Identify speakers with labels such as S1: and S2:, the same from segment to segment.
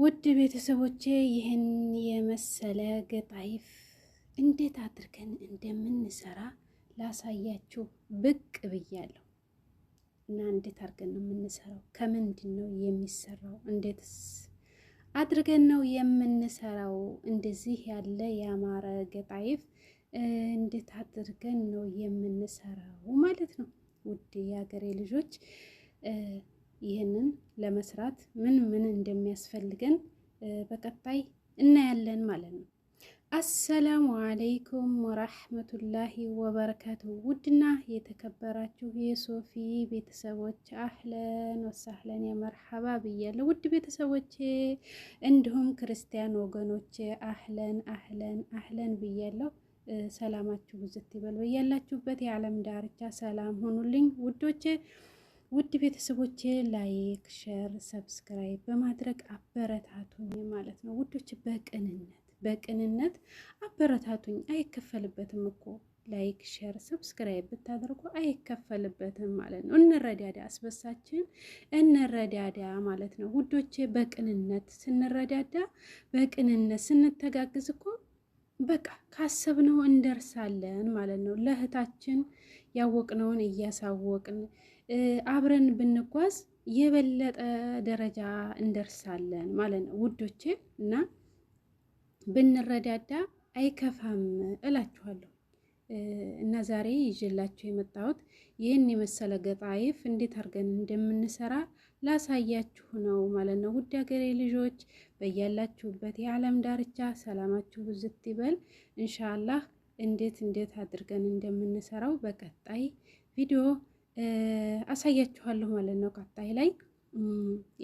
S1: ውድ ቤተሰቦቼ ይህን የመሰለ ገጣይፍ እንዴት አድርገን እንደምንሰራ ላሳያችሁ ብቅ ብያለሁ እና እንዴት አድርገን ነው የምንሰራው? ከምንድን ነው የሚሰራው? እንዴትስ አድርገን ነው የምንሰራው? እንደዚህ ያለ ያማረ ገጣይፍ እንዴት አድርገን ነው የምንሰራው ማለት ነው። ውድ የሀገሬ ልጆች ይህንን ለመስራት ምን ምን እንደሚያስፈልገን በቀጣይ እናያለን ማለት ነው። አሰላሙ አለይኩም ወራህመቱላሂ ወበረካቱ። ውድና የተከበራችሁ የሶፊ ቤተሰቦች አህለን ወሳህለን የመርሐባ ብያለሁ። ውድ ቤተሰቦች እንዲሁም ክርስቲያን ወገኖች አህለን አህለን አህለን ብያለሁ። ሰላማችሁ ብዝት ይበል። በያላችሁበት የዓለም ዳርቻ ሰላም ሆኑልኝ ውዶቼ። ውድ ቤተሰቦቼ ላይክ፣ ሸር፣ ሰብስክራይብ በማድረግ አበረታቱኝ ማለት ነው። ውዶች በቅንነት በቅንነት አበረታቱኝ። አይከፈልበትም እኮ ላይክ፣ ሸር፣ ሰብስክራይብ ብታደርጉ አይከፈልበትም ማለት ነው። እንረዳዳ፣ አስበሳችን እንረዳዳ ማለት ነው። ውዶቼ በቅንነት ስንረዳዳ፣ በቅንነት ስንተጋግዝ እኮ በቃ ካሰብነው እንደርሳለን ማለት ነው። ለእህታችን ያወቅነውን እያሳወቅን አብረን ብንጓዝ የበለጠ ደረጃ እንደርሳለን ማለት ነው ውዶቼ እና ብንረዳዳ አይከፋም እላችኋለሁ። እና ዛሬ ይዤላችሁ የመጣሁት ይህን የመሰለ ገጣይፍ እንዴት አድርገን እንደምንሰራ ላሳያችሁ ነው ማለት ነው። ውድ ሀገሬ ልጆች በያላችሁበት የዓለም ዳርቻ ሰላማችሁ ብዝት ይበል። እንሻላህ እንዴት እንዴት አድርገን እንደምንሰራው በቀጣይ ቪዲዮ አሳያችኋለሁ ማለት ነው። ቀጣይ ላይ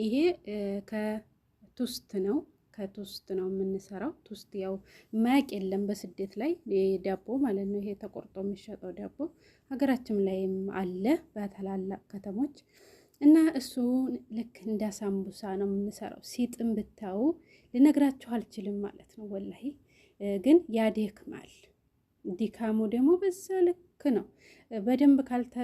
S1: ይሄ ከቱስት ነው ከቱስት ነው የምንሰራው። ቱስት ያው ማቅ የለም በስደት ላይ ዳቦ ማለት ነው። ይሄ ተቆርጦ የሚሸጠው ዳቦ ሀገራችን ላይም አለ በታላላቅ ከተሞች እና እሱ ልክ እንደ ሳምቡሳ ነው የምንሰራው። ሲጥም ብታዩ ልነግራችሁ አልችልም ማለት ነው። ወላሂ ግን ያደክማል። ዲካሙ ደግሞ በዛ ልክ ነው። በደንብ ካልተ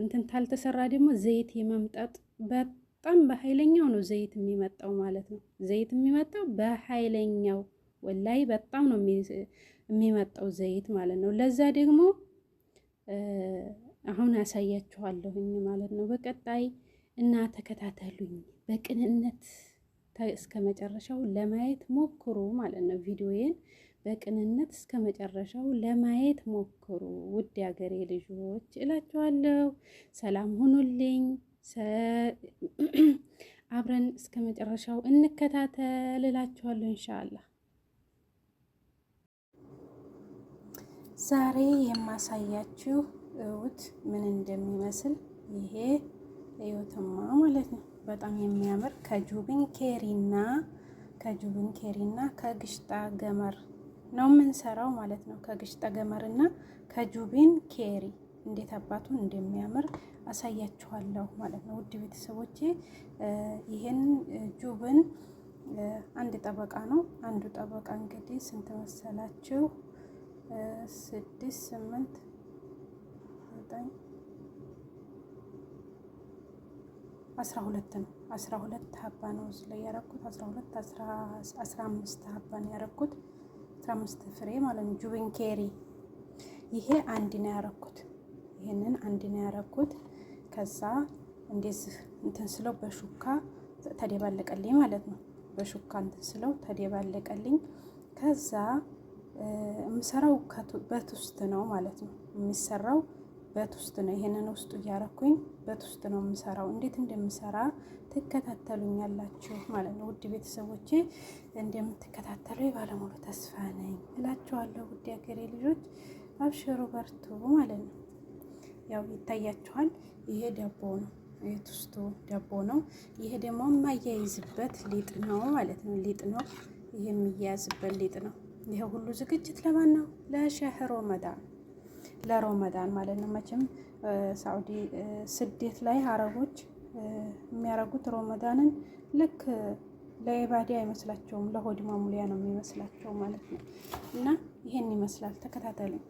S1: እንትን ካልተሰራ ደግሞ ዘይት የመምጠጥ በጣም በኃይለኛው ነው ዘይት የሚመጣው ማለት ነው። ዘይት የሚመጣው በኃይለኛው ወላይ በጣም ነው የሚመጣው ዘይት ማለት ነው። ለዛ ደግሞ አሁን አሳያችኋለሁኝ ማለት ነው። በቀጣይ እና ተከታተሉኝ በቅንነት እስከ መጨረሻው ለማየት ሞክሩ ማለት ነው ቪዲዮዬን በቅንነት እስከ መጨረሻው ለማየት ሞክሩ። ውድ ያገሬ ልጆች እላችኋለሁ፣ ሰላም ሁኑልኝ። አብረን እስከ መጨረሻው እንከታተል እላችኋለሁ ኢንሻአላህ። ዛሬ የማሳያችሁ እውት ምን እንደሚመስል ይሄ እዩትማ ማለት ነው። በጣም የሚያምር ከጁብን ኬሪና ከጁብን ኬሪና ከግሽጣ ገመር ነው የምንሰራው ማለት ነው። ከግሽጠ እና ከጁቢን ኬሪ እንዴት አባቱ እንደሚያምር አሳያችኋለሁ ማለት ነው። ውድ ቤተሰቦቼ ይህን ጁብን አንድ ጠበቃ ነው። አንዱ ጠበቃ እንግዲህ ስንት መሰላችሁ? ስድስት ስምንት ዘጠኝ አስራ ሁለት ነው። አስራ ሁለት ሀባ ነው ስለ ያረኩት አስራ ሁለት አስራ አምስት ሀባ ነው ያረኩት። አምስት ፍሬ ማለት ነው። ጁብን ኬሪ ይሄ አንድ ነው ያረኩት። ይህንን አንድ ነው ያረኩት። ከዛ እንደዚህ እንትን ስለው በሹካ ተደባለቀልኝ ማለት ነው። በሹካ እንትን ስለው ተደባለቀልኝ። ከዛ የምሰራው በት ውስጥ ነው ማለት ነው የሚሰራው በት ውስጥ ነው። ይሄንን ውስጡ እያረኩኝ በት ውስጥ ነው የምሰራው። እንዴት እንደምሰራ ትከታተሉኛላችሁ ማለት ነው። ውድ ቤተሰቦቼ እንደምትከታተሉ የባለሙሉ ተስፋ ነኝ እላችኋለሁ። ውድ ሀገሬ ልጆች አብሽሩ፣ በርቱ ማለት ነው። ያው ይታያችኋል። ይሄ ዳቦ ነው፣ የቱስቶ ዳቦ ነው። ይሄ ደግሞ የማያይዝበት ሊጥ ነው ማለት ነው። ሊጥ ነው ይሄ የሚያያዝበት ሊጥ ነው። ይሄ ሁሉ ዝግጅት ለማን ነው? ለሸህ ሮመዳን ለሮመዳን ማለት ነው። መቼም ሳዑዲ ስደት ላይ አረቦች የሚያረጉት ሮመዳንን ልክ ለኢባዴ አይመስላቸውም፣ ለሆድ ማሙሊያ ነው የሚመስላቸው ማለት ነው። እና ይሄን ይመስላል። ተከታተሉኝ።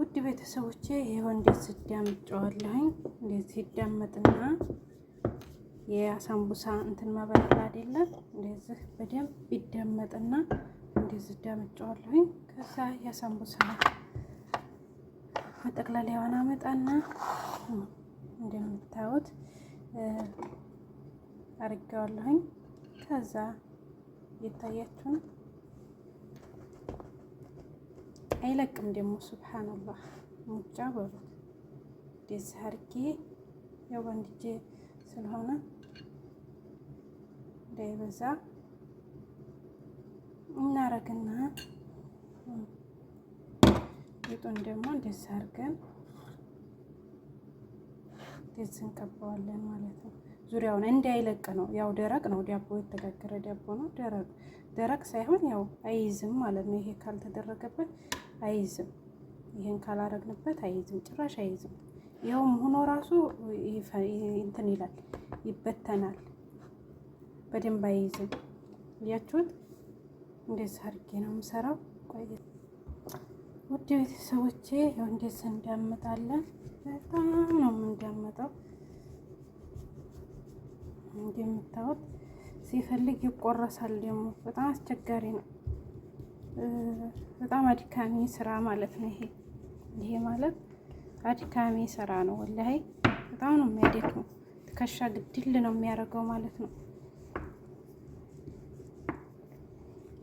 S1: ውድ ቤተሰቦቼ ይኸው እንዴት ስዳምጨዋለሁኝ። እንዴት ሲዳመጥና የአሳንቡሳ እንትን መበላ አይደለም። እንደዚህ በደንብ ይደመጥና እንደዚህ ዳምጫዋለሁኝ። ከዛ የአሳንቡሳ መጠቅለያዋን አመጣና እንደምታዩት አርጌዋለሁኝ። ከዛ የታያችሁን አይለቅም ደግሞ ሱብሃንአላህ ሙጫ በሉት ደዚህ አርጌ ያው ስለሆነ እንዳይበዛ እናረግና ሊጡን ደግሞ እንደዛ አርገን እንደዚህ እንቀባዋለን ማለት ነው። ዙሪያውን እንዳይለቅ ነው። ያው ደረቅ ነው ዳቦ፣ የተጋገረ ዳቦ ነው። ደረቅ ደረቅ ሳይሆን ያው አይይዝም ማለት ነው። ይሄ ካልተደረገበት አይይዝም። ይሄን ካላረግንበት አይይዝም፣ ጭራሽ አይይዝም። ይኸውም ሆኖ ራሱ እንትን ይላል፣ ይበተናል። በደንብ አይይዝም። እያችሁት እንደዚህ አድርጌ ነው የምሰራው። ቆይ ውድ ቤተሰቦቼ እንደዚህ እንዳመጣለን። በጣም ነው የምንዳመጠው። እንደምታዩት ሲፈልግ ይቆረሳል። ደግሞ በጣም አስቸጋሪ ነው። በጣም አድካሚ ስራ ማለት ነው። ይሄ ይሄ ማለት አድካሚ ስራ ነው። ወላሂ በጣም ነው የሚያደክመው። ትከሻ ግድል ነው የሚያደርገው ማለት ነው።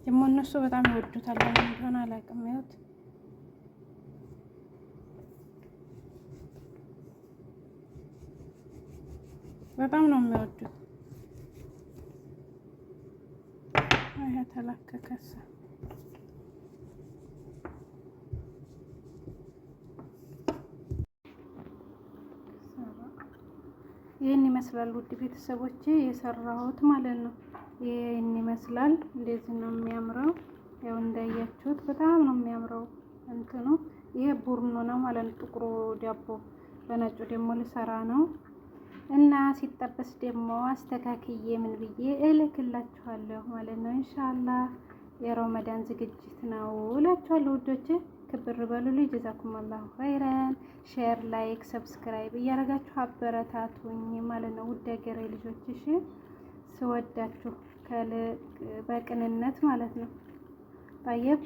S1: ደግሞ እነሱ በጣም ይወዱታል። ለምን እንደሆነ አላውቅም። ይኸውት በጣም ነው የሚወዱት። ይሄ ተላከከሰ ይህን ይመስላል ውድ ቤተሰቦቼ የሰራሁት ማለት ነው። ይህን ይመስላል። እንደዚህ ነው የሚያምረው። ያው እንዳያችሁት በጣም ነው የሚያምረው። እንትኑ ይሄ ቡርኑ ነው ማለት ነው። ጥቁሩ ዳቦ በነጩ ደግሞ ልሰራ ነው እና ሲጠበስ ደግሞ አስተካክዬ ምን ብዬ እልክላችኋለሁ ማለት ነው። እንሻላ የሮመዳን ዝግጅት ነው እላችኋለሁ ውዶች። ክብር በሉ ልጅ ጀዛኩም ኸይረን። ሼር፣ ላይክ፣ ሰብስክራይብ እያደረጋችሁ አበረታቱኝ ማለት ነው። ውድ ሀገሬ ልጆች እሺ፣ ስወዳችሁ በቅንነት ማለት ነው። ታየብ